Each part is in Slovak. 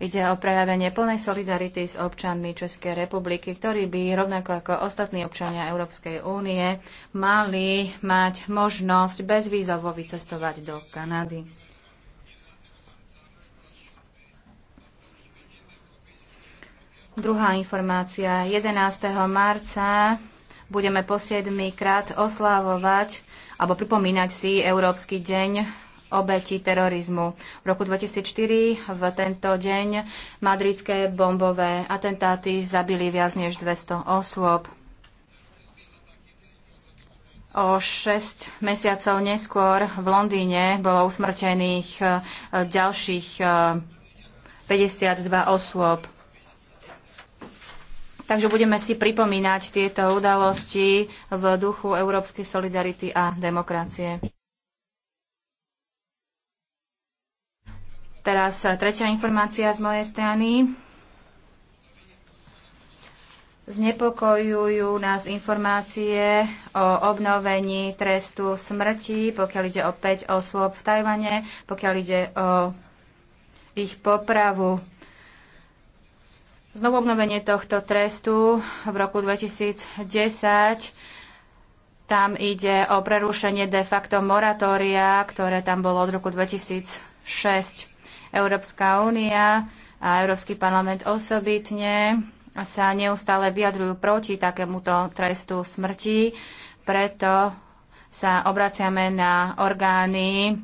Ide o prejavenie plnej solidarity s občanmi Českej republiky, ktorí by rovnako ako ostatní občania Európskej únie mali mať možnosť bezvýzovo vycestovať do Kanady. Druhá informácia. 11. marca budeme po 7 krát oslavovať alebo pripomínať si Európsky deň obeti terorizmu. V roku 2004 v tento deň madridské bombové atentáty zabili viac než 200 osôb. O 6 mesiacov neskôr v Londýne bolo usmrtených e, ďalších 52 e, osôb. Takže budeme si pripomínať tieto udalosti v duchu európskej solidarity a demokracie. Teraz e, tretia informácia z mojej strany. Znepokojujú nás informácie o obnovení trestu smrti, pokiaľ ide o 5 osôb v Tajvane, pokiaľ ide o ich popravu. Znovu obnovenie tohto trestu v roku 2010 tam ide o prerušenie de facto moratória, ktoré tam bolo od roku 2006. Európska únia a Európsky parlament osobitne sa neustále vyjadrujú proti takémuto trestu smrti, preto sa obraciame na orgány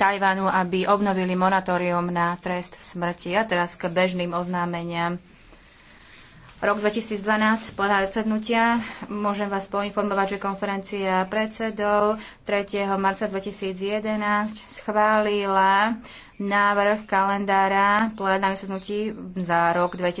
Tajvanu, aby obnovili moratórium na trest smrti. A teraz k bežným oznámeniam. Rok 2012, podľa zasadnutia, môžem vás poinformovať, že konferencia predsedov 3. marca 2011 schválila návrh kalendára plenárnych sednutí za rok 2000.